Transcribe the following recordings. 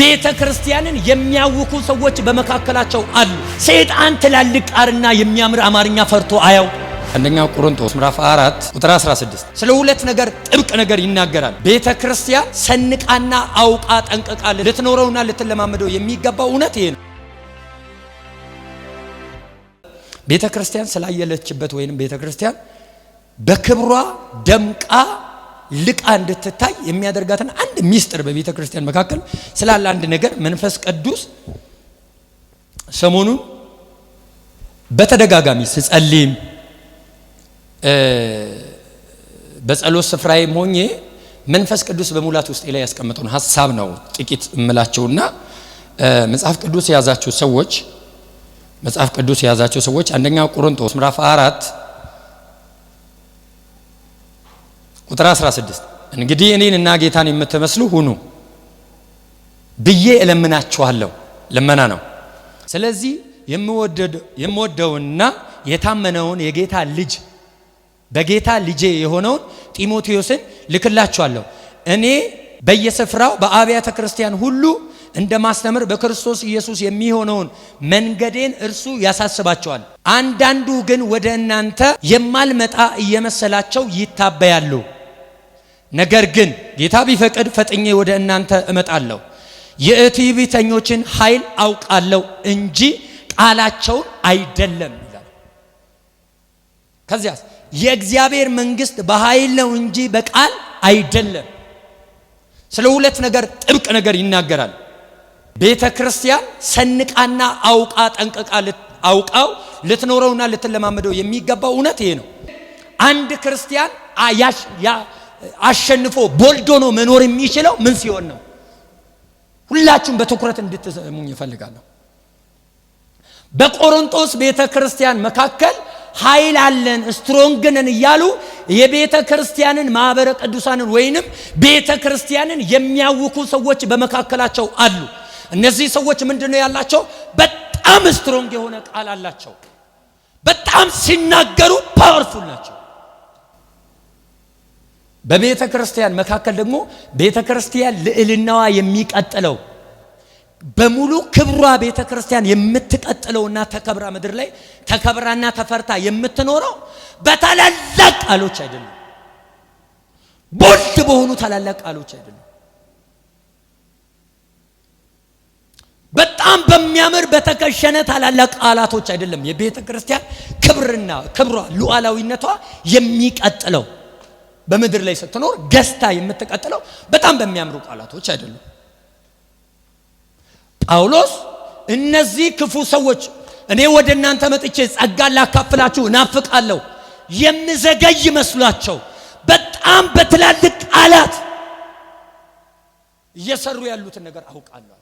ቤተ ክርስቲያንን የሚያውኩ ሰዎች በመካከላቸው አሉ። ሰይጣን ትላልቅ ቃርና የሚያምር አማርኛ ፈርቶ አያው አንደኛ ቆሮንቶስ ምዕራፍ 4 ቁጥር 16 ስለ ሁለት ነገር ጥብቅ ነገር ይናገራል። ቤተ ክርስቲያን ሰንቃና አውቃ ጠንቅቃ ልትኖረውና ልትለማመደው የሚገባው እውነት ይሄ ነው። ቤተ ክርስቲያን ስላየለችበት ወይንም ቤተ ክርስቲያን በክብሯ ደምቃ ልቃ እንድትታይ የሚያደርጋትን አንድ ሚስጥር በቤተ ክርስቲያን መካከል ስላለ አንድ ነገር መንፈስ ቅዱስ ሰሞኑን በተደጋጋሚ ስጸልይም በጸሎት ስፍራዬም ሆኜ መንፈስ ቅዱስ በሙላት ውስጤ ላይ ያስቀመጠውን ሀሳብ ነው ጥቂት እምላቸውና መጽሐፍ ቅዱስ የያዛቸው ሰዎች መጽሐፍ ቅዱስ የያዛቸው ሰዎች አንደኛ ቆሮንቶስ ምራፍ አራት ቁጥር 16 እንግዲህ እኔን እና ጌታን የምትመስሉ ሁኑ ብዬ እለምናችኋለሁ። ልመና ነው። ስለዚህ የምወደውና የታመነውን የጌታ ልጅ በጌታ ልጄ የሆነውን ጢሞቴዎስን ልክላችኋለሁ። እኔ በየስፍራው በአብያተ ክርስቲያን ሁሉ እንደ ማስተምር በክርስቶስ ኢየሱስ የሚሆነውን መንገዴን እርሱ ያሳስባቸዋል። አንዳንዱ ግን ወደ እናንተ የማልመጣ እየመሰላቸው ይታበያሉ። ነገር ግን ጌታ ቢፈቅድ ፈጥኜ ወደ እናንተ እመጣለሁ። የትዕቢተኞችን ኃይል አውቃለሁ እንጂ ቃላቸውን አይደለም ይላል። ከዚያስ የእግዚአብሔር መንግስት በኃይል ነው እንጂ በቃል አይደለም። ስለ ሁለት ነገር ጥብቅ ነገር ይናገራል። ቤተ ክርስቲያን ሰንቃና አውቃ ጠንቅቃ አውቃው ልትኖረውና ልትለማመደው የሚገባው እውነት ይሄ ነው። አንድ ክርስቲያን አሸንፎ ቦልዶ ነው መኖር የሚችለው ምን ሲሆን ነው? ሁላችሁም በትኩረት እንድትሰሙኝ እፈልጋለሁ። በቆሮንቶስ ቤተ ክርስቲያን መካከል ኃይል አለን ስትሮንግነን እያሉ የቤተ ክርስቲያንን ማኅበረ ቅዱሳንን ወይንም ቤተ ክርስቲያንን የሚያውኩ ሰዎች በመካከላቸው አሉ። እነዚህ ሰዎች ምንድን ነው ያላቸው? በጣም ስትሮንግ የሆነ ቃል አላቸው። በጣም ሲናገሩ ፓወርፉል ናቸው። በቤተ ክርስቲያን መካከል ደግሞ ቤተ ክርስቲያን ልዕልናዋ የሚቀጥለው በሙሉ ክብሯ ቤተ ክርስቲያን የምትቀጥለውና ተከብራ ምድር ላይ ተከብራና ተፈርታ የምትኖረው በታላላቅ ቃሎች አይደለም፣ ቦልድ በሆኑ ታላላቅ ቃሎች አይደለም፣ በጣም በሚያምር በተከሸነ ታላላቅ ቃላቶች አይደለም። የቤተ ክርስቲያን ክብርና ክብሯ ሉዓላዊነቷ የሚቀጥለው በምድር ላይ ስትኖር ገዝታ የምትቀጥለው በጣም በሚያምሩ ቃላቶች አይደሉም። ጳውሎስ እነዚህ ክፉ ሰዎች እኔ ወደ እናንተ መጥቼ ጸጋን ላካፍላችሁ እናፍቃለሁ የምዘገይ መስሏቸው በጣም በትላልቅ ቃላት እየሰሩ ያሉትን ነገር አውቃለሁ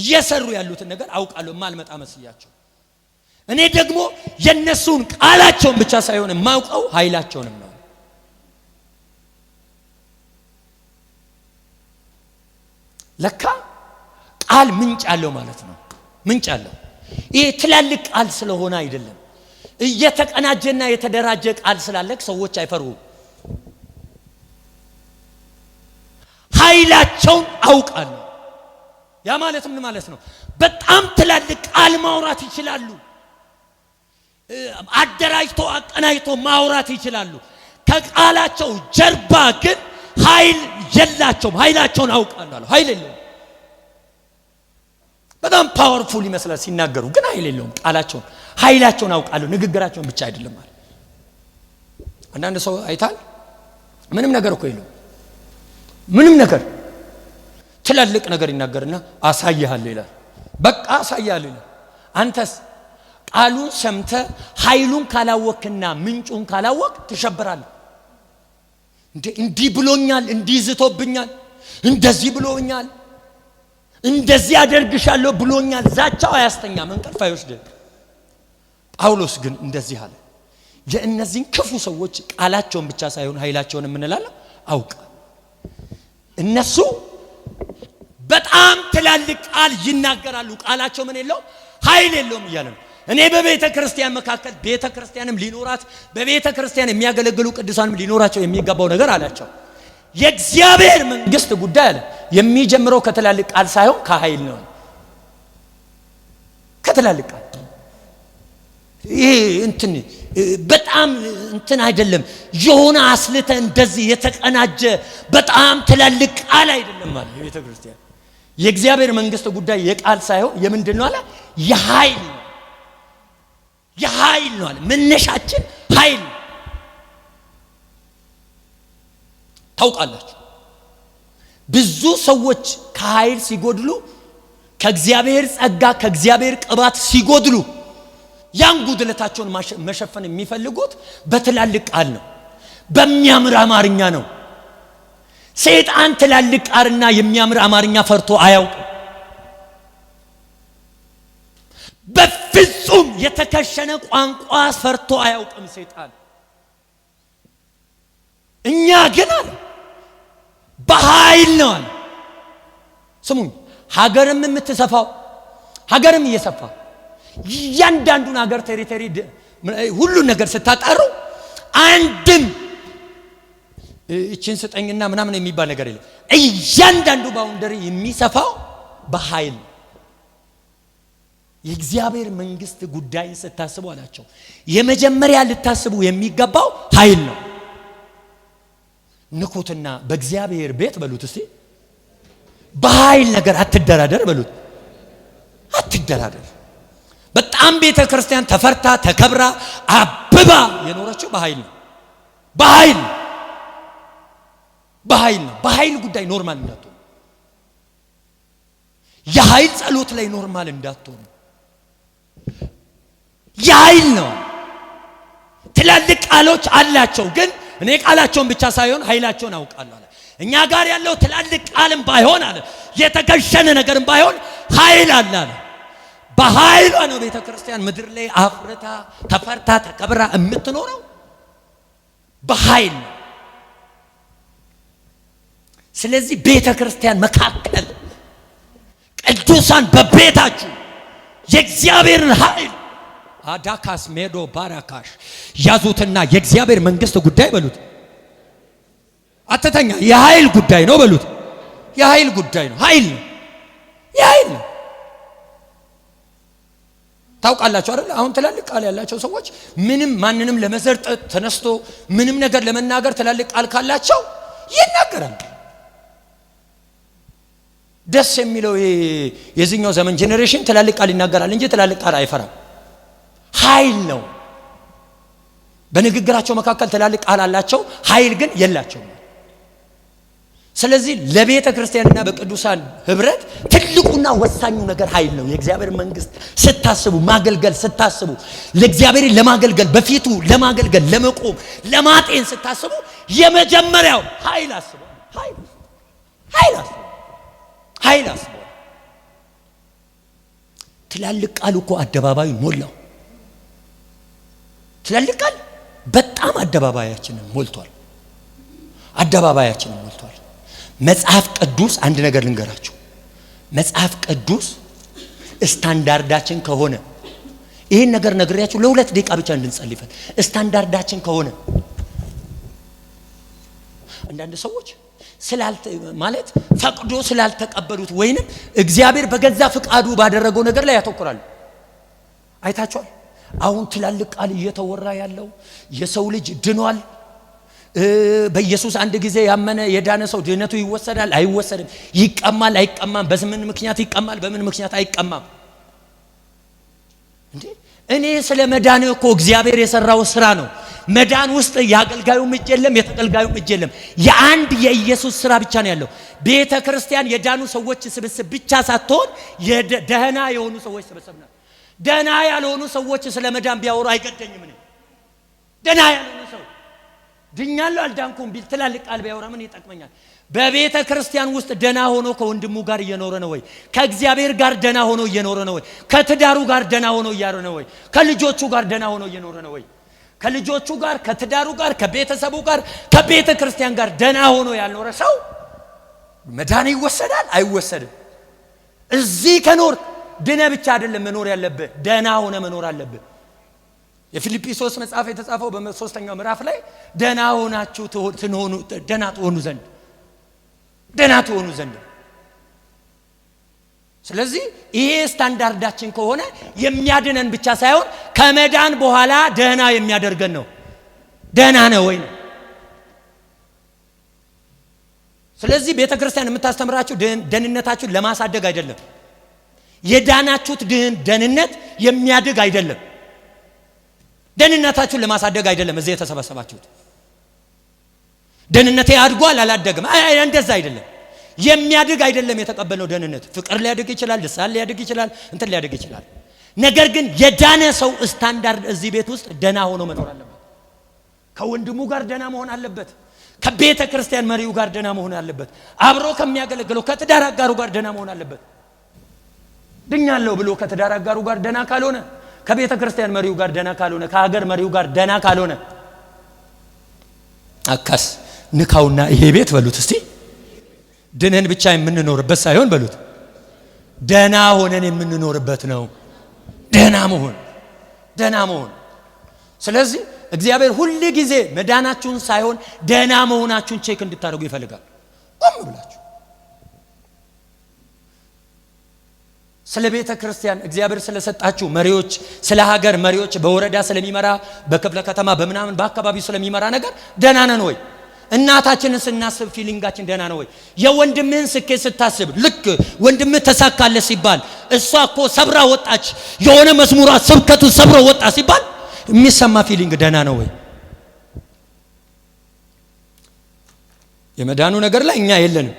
እየሰሩ ያሉትን ነገር አውቃለሁ ማልመጣ መስያቸው እኔ ደግሞ የእነሱን ቃላቸውን ብቻ ሳይሆን የማውቀው ኃይላቸውንም ለካ ቃል ምንጭ አለው ማለት ነው። ምንጭ አለው። ይሄ ትላልቅ ቃል ስለሆነ አይደለም። እየተቀናጀና የተደራጀ ቃል ስላለክ ሰዎች አይፈሩም። ኃይላቸውን አውቃሉ ያ ማለት ምን ማለት ነው? በጣም ትላልቅ ቃል ማውራት ይችላሉ። አደራጅቶ አቀናጅቶ ማውራት ይችላሉ። ከቃላቸው ጀርባ ግን ኃይል የላቸውም። ኃይላቸውን አውቃለሁ አለ። ኃይል የለውም። በጣም ፓወርፉል ይመስላል ሲናገሩ፣ ግን ኃይል የለውም። ቃላቸውን ኃይላቸውን አውቃለሁ ንግግራቸውን ብቻ አይደለም አለ አንዳንድ ሰው አይታል ምንም ነገር እኮ የለው ምንም ነገር ትላልቅ ነገር ይናገርና አሳያለሁ ይላል። በቃ አሳያለሁ ይላል። አንተስ ቃሉን ሰምተ ኃይሉን ካላወክና ምንጩን ካላወቅ ትሸብራለ እንዲህ ብሎኛል፣ እንዲህ ዝቶብኛል፣ እንደዚህ ብሎኛል፣ እንደዚህ አደርግሻለሁ ብሎኛል። ዛቻው አያስተኛም፣ እንቅልፍ አይወስድም። ጳውሎስ ግን እንደዚህ አለ። የእነዚህን ክፉ ሰዎች ቃላቸውን ብቻ ሳይሆን ኃይላቸውን የምንላለው አውቀ እነሱ በጣም ትላልቅ ቃል ይናገራሉ። ቃላቸው ምን የለውም ኃይል የለውም እያለ ነው እኔ በቤተ ክርስቲያን መካከል ቤተ ክርስቲያንም ሊኖራት በቤተ ክርስቲያን የሚያገለግሉ ቅዱሳንም ሊኖራቸው የሚገባው ነገር አላቸው። የእግዚአብሔር መንግስት ጉዳይ አለ የሚጀምረው ከትላልቅ ቃል ሳይሆን ከኃይል ነው። ከትላልቅ ቃል ይሄ እንትን በጣም እንትን አይደለም። የሆነ አስልተ እንደዚህ የተቀናጀ በጣም ትላልቅ ቃል አይደለም ማለት ቤተ ክርስቲያን የእግዚአብሔር መንግስት ጉዳይ የቃል ሳይሆን የምንድን ነው አለ የኃይል የኃይል ነው አለ። መነሻችን ኃይል ነው። ታውቃላችሁ ብዙ ሰዎች ከኃይል ሲጎድሉ ከእግዚአብሔር ጸጋ ከእግዚአብሔር ቅባት ሲጎድሉ ያን ጉድለታቸውን መሸፈን የሚፈልጉት በትላልቅ ቃል ነው፣ በሚያምር አማርኛ ነው። ሰይጣን ትላልቅ ቃልና የሚያምር አማርኛ ፈርቶ አያውቅም። ፍጹም የተከሸነ ቋንቋ ሰርቶ አያውቅም ሰይጣን። እኛ ግን አለ በኃይል ነው አለ። ስሙኝ፣ ሀገርም የምትሰፋው ሀገርም እየሰፋ እያንዳንዱን ሀገር ቴሪተሪ፣ ሁሉን ነገር ስታጣሩ አንድም እችን ስጠኝና ምናምን የሚባል ነገር የለም። እያንዳንዱ ባውንደሪ የሚሰፋው በኃይል ነው። የእግዚአብሔር መንግስት ጉዳይን ስታስቡ አላቸው የመጀመሪያ ልታስቡ የሚገባው ኃይል ነው። ንኩትና በእግዚአብሔር ቤት በሉት እስቲ በኃይል ነገር አትደራደር በሉት፣ አትደራደር። በጣም ቤተ ክርስቲያን ተፈርታ ተከብራ አብባ የኖረችው በኃይል ነው። በኃይል በኃይል ነው። በኃይል ጉዳይ ኖርማል እንዳትሆኑ፣ የኃይል ጸሎት ላይ ኖርማል እንዳትሆኑ የኃይል ነው። ትላልቅ ቃሎች አላቸው፣ ግን እኔ ቃላቸውን ብቻ ሳይሆን ኃይላቸውን አውቃለሁ አለ። እኛ ጋር ያለው ትላልቅ ቃልም ባይሆን አለ የተገሸነ ነገርም ባይሆን ኃይል አለ አለ። በኃይሏ ነው ቤተ ክርስቲያን ምድር ላይ አፍርታ ተፈርታ ተከብራ የምትኖረው በኃይል ነው። ስለዚህ ቤተ ክርስቲያን መካከል ቅዱሳን በቤታችሁ የእግዚአብሔርን ኃይል አዳካስ ሜዶ ባራካሽ ያዙትና የእግዚአብሔር መንግስት ጉዳይ በሉት። አተተኛ የኃይል ጉዳይ ነው በሉት። የኃይል ጉዳይ ነው። ኃይል ነው። የኃይል ነው። ታውቃላችሁ አይደል? አሁን ትላልቅ ቃል ያላቸው ሰዎች ምንም ማንንም ለመዘርጠት ተነስቶ ምንም ነገር ለመናገር ትላልቅ ቃል ካላቸው ይናገራል። ደስ የሚለው የዚህኛው ዘመን ጄኔሬሽን ትላልቅ ቃል ይናገራል እንጂ ትላልቅ ቃል አይፈራም። ኃይል ነው። በንግግራቸው መካከል ትላልቅ ቃል አላቸው፣ ኃይል ግን የላቸው። ስለዚህ ለቤተ ክርስቲያንና በቅዱሳን ህብረት ትልቁና ወሳኙ ነገር ኃይል ነው። የእግዚአብሔር መንግስት ስታስቡ ማገልገል ስታስቡ ለእግዚአብሔር ለማገልገል በፊቱ ለማገልገል ለመቆም ለማጤን ስታስቡ የመጀመሪያው ኃይል አስቡ። ኃይል አስቡ። ኃይል አስቡ። ትላልቅ ቃል እኮ አደባባዩ ሞላው። ትላልቅ ቃል በጣም አደባባያችንን ሞልቷል። አደባባያችንን ሞልቷል። መጽሐፍ ቅዱስ አንድ ነገር ልንገራችሁ። መጽሐፍ ቅዱስ ስታንዳርዳችን ከሆነ ይህን ነገር ነግሬያችሁ ለሁለት ደቂቃ ብቻ እንድንጸልይፈል ስታንዳርዳችን ከሆነ አንዳንድ ሰዎች ማለት ፈቅዶ ስላልተቀበሉት ወይንም እግዚአብሔር በገዛ ፍቃዱ ባደረገው ነገር ላይ ያተኩራሉ። አይታችኋል። አሁን ትላልቅ ቃል እየተወራ ያለው የሰው ልጅ ድኗል። በኢየሱስ አንድ ጊዜ ያመነ የዳነ ሰው ድህነቱ ይወሰዳል አይወሰድም፣ ይቀማል አይቀማም፣ በምን ምክንያት ይቀማል፣ በምን ምክንያት አይቀማም። እንዴ እኔ ስለ መዳን እኮ እግዚአብሔር የሰራው ስራ ነው። መዳን ውስጥ የአገልጋዩም እጅ የለም፣ የተገልጋዩም እጅ የለም። የአንድ የኢየሱስ ስራ ብቻ ነው ያለው። ቤተ ክርስቲያን የዳኑ ሰዎች ስብስብ ብቻ ሳትሆን ደህና የሆኑ ሰዎች ስብስብ ነው። ደና ያልሆኑ ሰዎች ስለ መዳን ቢያወሩ አይገደኝም። እኔ ደና ያልሆኑ ሰው ድኛለሁ አልዳንኩም ቢል ትላልቅ ቃል ቢያወራ ምን ይጠቅመኛል? በቤተ ክርስቲያን ውስጥ ደና ሆኖ ከወንድሙ ጋር እየኖረ ነው ወይ? ከእግዚአብሔር ጋር ደና ሆኖ እየኖረ ነው ወይ? ከትዳሩ ጋር ደና ሆኖ እያረ ነው ወይ? ከልጆቹ ጋር ደና ሆኖ እየኖረ ነው ወይ? ከልጆቹ ጋር፣ ከትዳሩ ጋር፣ ከቤተሰቡ ጋር፣ ከቤተ ክርስቲያን ጋር ደና ሆኖ ያልኖረ ሰው መዳን ይወሰዳል አይወሰድም? እዚህ ከኖር ድነ ብቻ አይደለም መኖር ያለብህ፣ ደህና ሆነ መኖር አለብህ። የፊልጵሶስ መጽሐፍ የተጻፈው በሶስተኛው ምዕራፍ ላይ ደህና ሆናችሁ ደህና ትሆኑ ዘንድ ደህና ትሆኑ ዘንድ። ስለዚህ ይሄ ስታንዳርዳችን ከሆነ የሚያድነን ብቻ ሳይሆን ከመዳን በኋላ ደህና የሚያደርገን ነው። ደህና ነው ወይ ነው። ስለዚህ ቤተ ክርስቲያን የምታስተምራችሁ ደህንነታችሁን ለማሳደግ አይደለም። የዳናችሁት ደህንነት የሚያድግ አይደለም። ደህንነታችሁን ለማሳደግ አይደለም እዚህ የተሰበሰባችሁት። ደህንነቴ አድጓል አላደግም፣ እንደዛ አይደለም። የሚያድግ አይደለም የተቀበለው ደህንነት። ፍቅር ሊያድግ ይችላል፣ ልሳን ሊያድግ ይችላል፣ እንትን ሊያድግ ይችላል። ነገር ግን የዳነ ሰው ስታንዳርድ እዚህ ቤት ውስጥ ደና ሆኖ መኖር አለበት። ከወንድሙ ጋር ደና መሆን አለበት። ከቤተ ክርስቲያን መሪው ጋር ደና መሆን አለበት። አብሮ ከሚያገለግለው ከትዳር አጋሩ ጋር ደና መሆን አለበት። ድኛለሁ ብሎ ከትዳር አጋሩ ጋር ደና ካልሆነ፣ ከቤተ ክርስቲያን መሪው ጋር ደና ካልሆነ፣ ከሀገር መሪው ጋር ደና ካልሆነ አካስ ንካውና ይሄ ቤት በሉት እስቲ ድነን ብቻ የምንኖርበት ሳይሆን በሉት ደና ሆነን የምንኖርበት ነው። ደና መሆን ደና መሆን። ስለዚህ እግዚአብሔር ሁል ጊዜ መዳናችሁን ሳይሆን ደና መሆናችሁን ቼክ እንድታደርጉ ይፈልጋል። ቆም ብላችሁ ስለ ቤተ ክርስቲያን እግዚአብሔር ስለሰጣችሁ መሪዎች፣ ስለ ሀገር መሪዎች፣ በወረዳ ስለሚመራ በክፍለ ከተማ በምናምን በአካባቢው ስለሚመራ ነገር ደህና ነን ወይ? እናታችንን ስናስብ ፊሊንጋችን ደህና ነው ወይ? የወንድምህን ስኬት ስታስብ ልክ ወንድምህ ተሳካለ ሲባል እሷ እኮ ሰብራ ወጣች፣ የሆነ መዝሙሯ ስብከቱ ሰብሮ ወጣ ሲባል የሚሰማ ፊሊንግ ደህና ነው ወይ? የመዳኑ ነገር ላይ እኛ የለንም።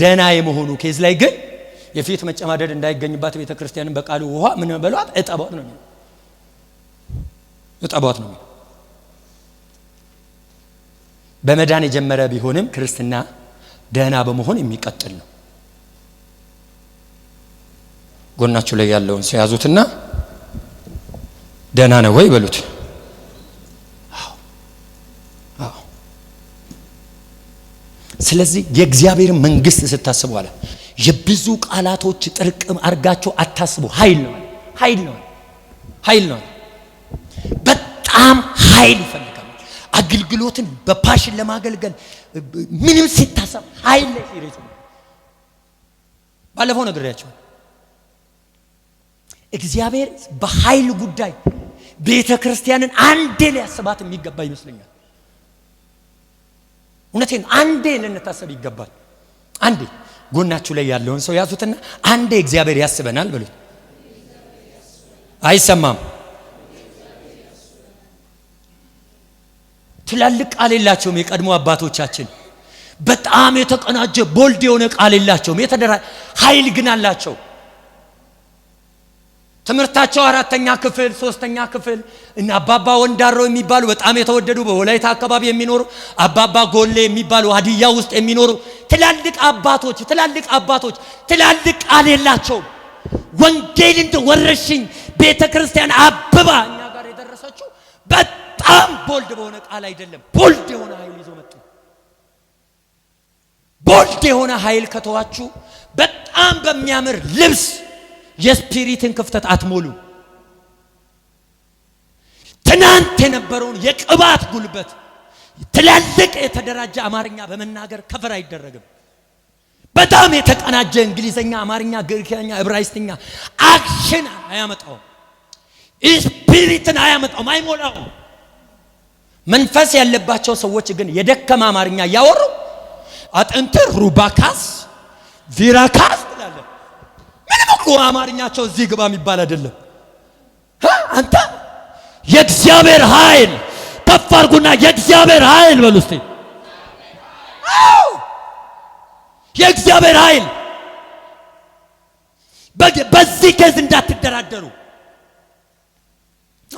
ደህና የመሆኑ ኬዝ ላይ ግን የፊት መጨማደድ እንዳይገኝባት ቤተ ክርስቲያንን በቃሉ ውሃ ምን በሏት እጠቧት ነው እጠቧት ነው በመዳን የጀመረ ቢሆንም ክርስትና ደህና በመሆን የሚቀጥል ነው። ጎናችሁ ላይ ያለውን ሲያዙትና ደህና ነው ወይ በሉት። ስለዚህ የእግዚአብሔር መንግስት ስታስቡ አለ የብዙ ቃላቶች ጥርቅም አርጋቸው አታስቡ። ኃይል ነው፣ ኃይል ነው፣ ኃይል ነው። በጣም ኃይል ይፈልጋል። አገልግሎትን በፓሽን ለማገልገል ምንም ሲታሰብ ኃይል ላይ ሲሬቱ ባለፈው ነግሬያቸው እግዚአብሔር በኃይል ጉዳይ ቤተ ክርስቲያንን አንዴ ሊያስባት የሚገባ ይመስለኛል። እውነቴ አንዴ ልንታሰብ ይገባል። አንዴ ጎናችሁ ላይ ያለውን ሰው ያዙትና አንዴ እግዚአብሔር ያስበናል ብሉት። አይሰማም። ትላልቅ ቃል የላቸውም። የቀድሞ አባቶቻችን በጣም የተቀናጀ ቦልድ የሆነ ቃል የላቸውም። የተደራ ሀይል ግን አላቸው። ትምህርታቸው አራተኛ ክፍል ሶስተኛ ክፍል እና አባባ ወንዳረው የሚባሉ በጣም የተወደዱ በወላይታ አካባቢ የሚኖሩ አባባ ጎሌ የሚባሉ ሀዲያ ውስጥ የሚኖሩ ትላልቅ አባቶች ትላልቅ አባቶች ትላልቅ ቃል የላቸውም። ወንጌል እንደ ወረሽኝ ቤተ ክርስቲያን አብባ እኛ ጋር የደረሰችው በጣም ቦልድ በሆነ ቃል አይደለም። ቦልድ የሆነ ኃይል ይዞ መጡ። ቦልድ የሆነ ኃይል ከተዋችሁ በጣም በሚያምር ልብስ የስፒሪትን ክፍተት አትሞሉ። ትናንት የነበረውን የቅባት ጉልበት ትላልቅ የተደራጀ አማርኛ በመናገር ከፈር አይደረግም። በጣም የተቀናጀ እንግሊዝኛ አማርኛ፣ ግሪክኛ፣ ዕብራይስትኛ አክሽን አያመጣውም። ስፒሪትን አያመጣውም፣ አይሞላው መንፈስ ያለባቸው ሰዎች ግን የደከመ አማርኛ እያወሩ አጥንት ሩባካስ ቪራካስ ትላለን። ምንም እኮ አማርኛቸው እዚህ ግባ የሚባል አይደለም። አንተ የእግዚአብሔር ኃይል ከፍ አድርጉና የእግዚአብሔር ኃይል በሉ እስቲ። የእግዚአብሔር ኃይል በዚህ ኬዝ እንዳትደራደሩ።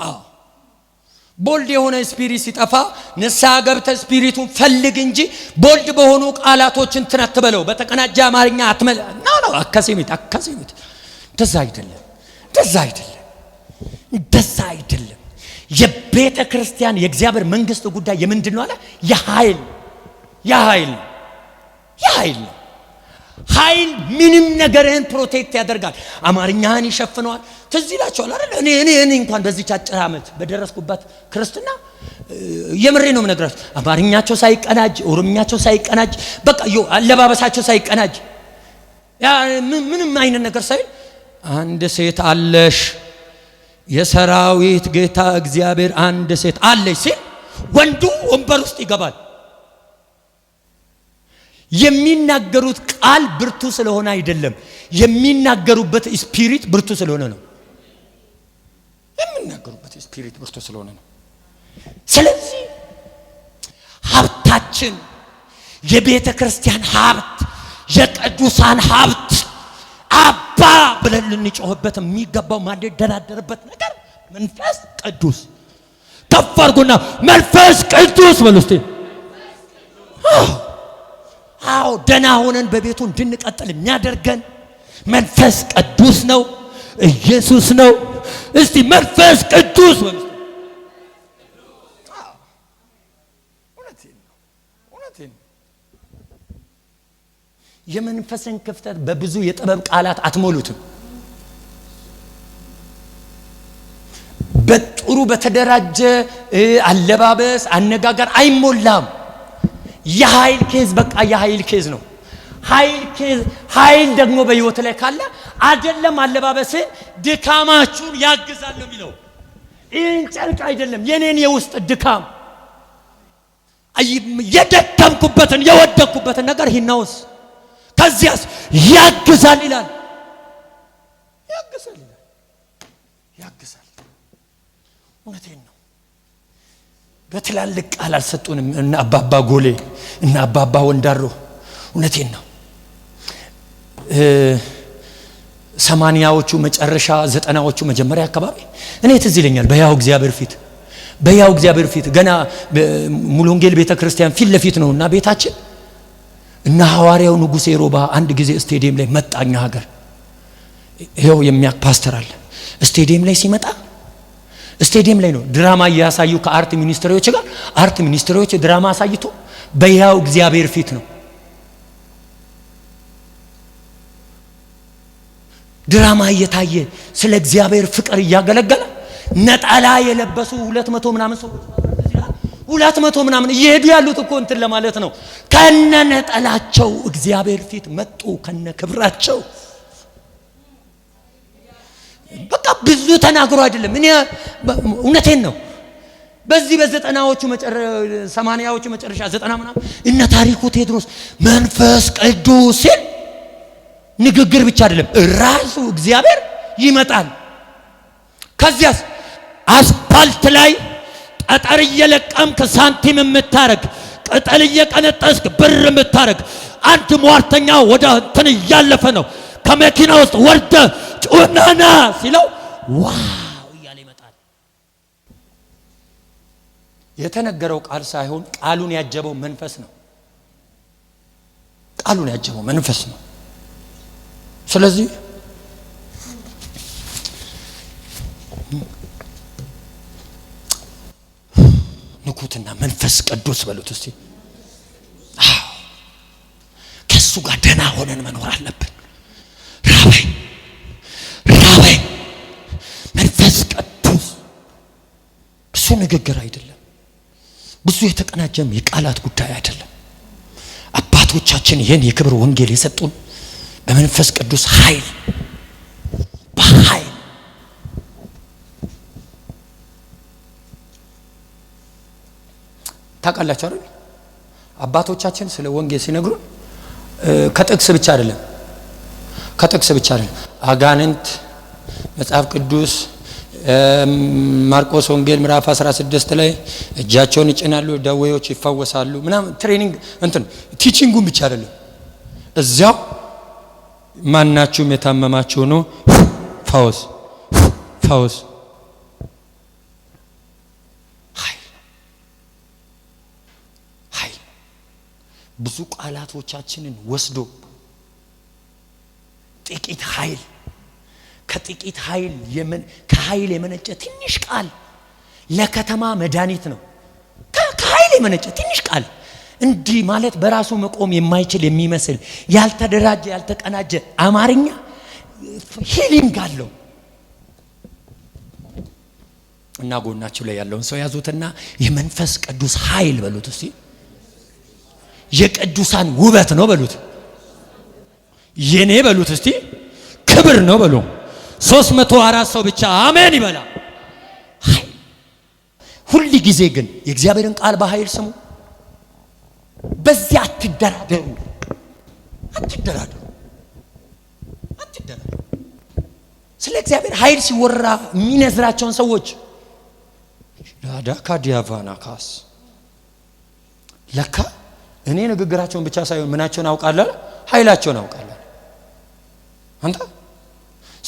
አዎ ቦልድ የሆነ ስፒሪት ሲጠፋ ንስሐ ገብተ ስፒሪቱን ፈልግ እንጂ ቦልድ በሆኑ ቃላቶችን እንትን አትበለው። በተቀናጀ አማርኛ አትመል ነው ነው አካሴሚት አካሴሚት እንደዛ አይደለም፣ እንደዛ አይደለም፣ እንደዛ አይደለም። የቤተ ክርስቲያን የእግዚአብሔር መንግስት ጉዳይ የምንድን ነው አለ? የኃይል የኃይል የኃይል ነው ኃይል ምንም ነገርህን ፕሮቴክት ያደርጋል። አማርኛህን ይሸፍነዋል። ትዝ ይላቸዋል አይደል? እኔ እኔ እኔ እንኳን በዚህ አጭር ዓመት በደረስኩበት ክርስትና የምሬ ነው የምነግራችሁ። አማርኛቸው ሳይቀናጅ፣ ኦሮምኛቸው ሳይቀናጅ፣ በቃ አለባበሳቸው ሳይቀናጅ፣ ምንም አይነት ነገር ሳይል አንድ ሴት አለሽ የሰራዊት ጌታ እግዚአብሔር አንድ ሴት አለሽ ሲል ወንዱ ወንበር ውስጥ ይገባል። የሚናገሩት ቃል ብርቱ ስለሆነ አይደለም፣ የሚናገሩበት ስፒሪት ብርቱ ስለሆነ ነው። የሚናገሩበት ስፒሪት ብርቱ ስለሆነ ነው። ስለዚህ ሀብታችን የቤተ ክርስቲያን ሀብት፣ የቅዱሳን ሀብት አባ ብለን ልንጮህበት የሚገባው ማንደራደርበት ነገር መንፈስ ቅዱስ ከፍ አድርጉና መንፈስ ቅዱስ በሉ እስቲ አዎ ደና ሆነን በቤቱ እንድንቀጥል የሚያደርገን መንፈስ ቅዱስ ነው፣ ኢየሱስ ነው። እስቲ መንፈስ ቅዱስ የመንፈስን ክፍተት በብዙ የጥበብ ቃላት አትሞሉትም። በጥሩ በተደራጀ አለባበስ አነጋገር አይሞላም። የኃይል ኬዝ በቃ የኃይል ኬዝ ነው። ኃይል ደግሞ በህይወት ላይ ካለ አይደለም አለባበስ ድካማችሁን ያግዛል ነው የሚለው። ይህን ጨርቅ አይደለም የኔን የውስጥ ድካም የደከምኩበትን የወደኩበትን ነገር ሂናውስ ከዚያስ ያግዛል ይላል። ያግዛል ያግዛል እውነቴን ነው። በትላልቅ ቃል አልሰጡንም። እና አባባ ጎሌ እና አባባ ወንዳሮ እውነቴን ነው። ሰማንያዎቹ መጨረሻ ዘጠናዎቹ መጀመሪያ አካባቢ እኔ ትዝ ይለኛል በያው እግዚአብሔር ፊት በያው እግዚአብሔር ፊት ገና ሙሉ ወንጌል ቤተ ክርስቲያን ፊት ለፊት ነው እና ቤታችን እና ሐዋርያው ንጉሴ ሮባ አንድ ጊዜ ስቴዲየም ላይ መጣኛ ሀገር ይኸው የሚያክ ፓስተር አለ ስቴዲየም ላይ ሲመጣ ስቴዲየም ላይ ነው ድራማ እያሳዩ ከአርት ሚኒስትሪዎች ጋር አርት ሚኒስትሪዎች ድራማ አሳይቶ በያው እግዚአብሔር ፊት ነው ድራማ እየታየ ስለ እግዚአብሔር ፍቅር እያገለገለ ነጠላ የለበሱ ሁለት መቶ ምናምን ሰዎች ሁለት መቶ ምናምን እየሄዱ ያሉት እኮ እንትን ለማለት ነው። ከነ ነጠላቸው እግዚአብሔር ፊት መጡ ከነ ክብራቸው ብዙ ተናግሮ አይደለም። እኔ እውነቴን ነው። በዚህ በዘጠናዎቹ ሰማንያዎቹ መጨረሻ ዘጠና ምናምን እነ ታሪኩ ቴድሮስ መንፈስ ቅዱስ ሲል ንግግር ብቻ አይደለም፣ ራሱ እግዚአብሔር ይመጣል። ከዚያስ አስፓልት ላይ ጠጠር እየለቀምክ ሳንቲም የምታረግ ቅጠል እየቀነጠስክ ብር የምታረግ አንድ ሟርተኛ ወደ እንትን እያለፈ ነው ከመኪና ውስጥ ወርደ ጩናና ሲለው ዋው እያለ ይመጣል። የተነገረው ቃል ሳይሆን ቃሉን ያጀበው መንፈስ ነው። ቃሉን ያጀበው መንፈስ ነው። ስለዚህ ንኩትና መንፈስ ቅዱስ በሉት እስቲ። ከእሱ ጋር ደህና ሆነን መኖር አለብን። ራበኝ ራበኝ ብዙ ንግግር አይደለም፣ ብዙ የተቀናጀም የቃላት ጉዳይ አይደለም። አባቶቻችን ይህን የክብር ወንጌል የሰጡን በመንፈስ ቅዱስ ኃይል በኃይል ታውቃላችሁ አይደል? አባቶቻችን ስለ ወንጌል ሲነግሩን ከጥቅስ ብቻ አይደለም ከጥቅስ ብቻ አይደለም አጋንንት መጽሐፍ ቅዱስ ማርቆስ ወንጌል ምዕራፍ 16 ላይ እጃቸውን ይጭናሉ፣ ደዌዎች ይፈወሳሉ ምናምን ትሬኒንግ እንትን ቲቺንጉን ብቻ አይደለም፣ እዚያው ማናችሁም የታመማችሁ ነው ፈውስ ፈውስ ብዙ ቃላቶቻችንን ወስዶ ጥቂት ኃይል ከጥቂት ኃይል ከኃይል የመነጨ ትንሽ ቃል ለከተማ መድኃኒት ነው። ከኃይል የመነጨ ትንሽ ቃል እንዲህ ማለት በራሱ መቆም የማይችል የሚመስል ያልተደራጀ ያልተቀናጀ አማርኛ ሂሊንግ አለው እና ጎናችሁ ላይ ያለውን ሰው ያዙትና የመንፈስ ቅዱስ ኃይል በሉት እስቲ የቅዱሳን ውበት ነው በሉት የኔ በሉት እስቲ ክብር ነው በሉ ሶስት መቶ አራት ሰው ብቻ አሜን ይበላል። ሁል ጊዜ ግን የእግዚአብሔርን ቃል በኃይል ስሙ። በዚያ አትደራደሩ፣ አትደራደሩ፣ አትደራደሩ። ስለ እግዚአብሔር ኃይል ሲወራ የሚነዝራቸውን ሰዎች ዳዳካ ዲያቫና ካስ ለካ እኔ ንግግራቸውን ብቻ ሳይሆን ምናቸውን አውቃለሁ፣ ኃይላቸውን አውቃለሁ አንተ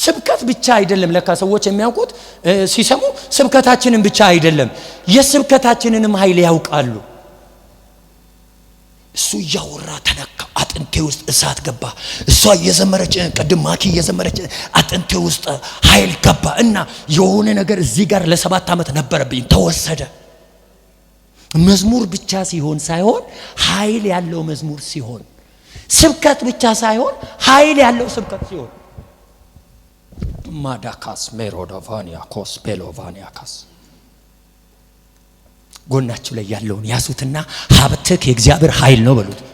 ስብከት ብቻ አይደለም። ለካ ሰዎች የሚያውቁት ሲሰሙ ስብከታችንን ብቻ አይደለም፣ የስብከታችንንም ኃይል ያውቃሉ። እሱ እያወራ ተነካ። አጥንቴ ውስጥ እሳት ገባ። እሷ እየዘመረች ቅድም ማኪ እየዘመረች አጥንቴ ውስጥ ኃይል ገባ እና የሆነ ነገር እዚህ ጋር ለሰባት ዓመት ነበረብኝ ተወሰደ። መዝሙር ብቻ ሲሆን ሳይሆን ኃይል ያለው መዝሙር ሲሆን፣ ስብከት ብቻ ሳይሆን ኃይል ያለው ስብከት ሲሆን ማዳካስ ሜሮዶቫኒያ ኮስ ጎናችሁ ላይ ያለውን ያሱትና ሀብትህ የእግዚአብሔር ኃይል ነው በሉት።